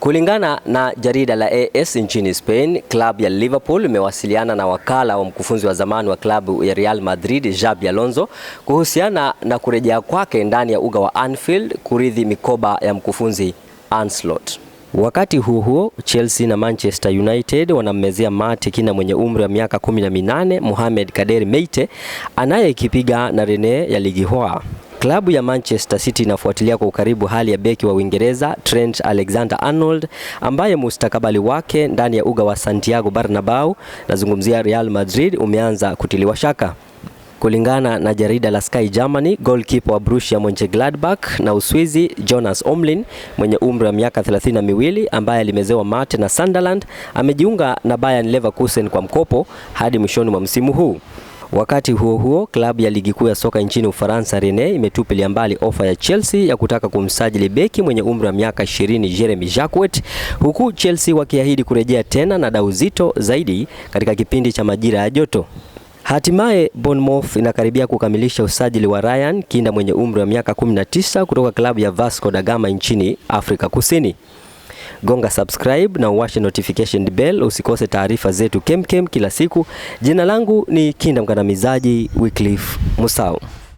Kulingana na jarida la AS nchini Spain, klabu ya Liverpool imewasiliana na wakala wa mkufunzi wa zamani wa klabu ya Real Madrid Xabi Alonso kuhusiana na kurejea kwake ndani ya uga wa Anfield kurithi mikoba ya mkufunzi Ancelotti. Wakati huo huo, Chelsea na Manchester United wanammezea mate kina mwenye umri wa miaka 18 Mohamed Kader Meite anayekipiga na Rennes ya Ligi Hoa. Klabu ya Manchester City inafuatilia kwa ukaribu hali ya beki wa Uingereza Trent Alexander-Arnold ambaye mustakabali wake ndani ya uga wa Santiago Bernabeu, nazungumzia Real Madrid, umeanza kutiliwa shaka. Kulingana na jarida la Sky Germany, goalkeeper wa Borussia Mönchengladbach na Uswizi Jonas Omlin mwenye umri wa miaka miwili ambaye alimezewa mate na Sunderland amejiunga na Bayern Leverkusen kwa mkopo hadi mwishoni mwa msimu huu. Wakati huo huo, klabu ya ligi kuu ya soka nchini Ufaransa Rennes imetupilia mbali ofa ya Chelsea ya kutaka kumsajili beki mwenye umri wa miaka 20 Jeremy Jacquet, huku Chelsea wakiahidi kurejea tena na dau zito zaidi katika kipindi cha majira ya joto. Hatimaye Bournemouth inakaribia kukamilisha usajili wa Ryan Kinda mwenye umri wa miaka 19 kutoka klabu ya Vasco da Gama nchini Afrika Kusini gonga subscribe na uwashe notification bell, usikose taarifa zetu kemkem kila siku. Jina langu ni Kinda Mkandamizaji Wycliffe Musau.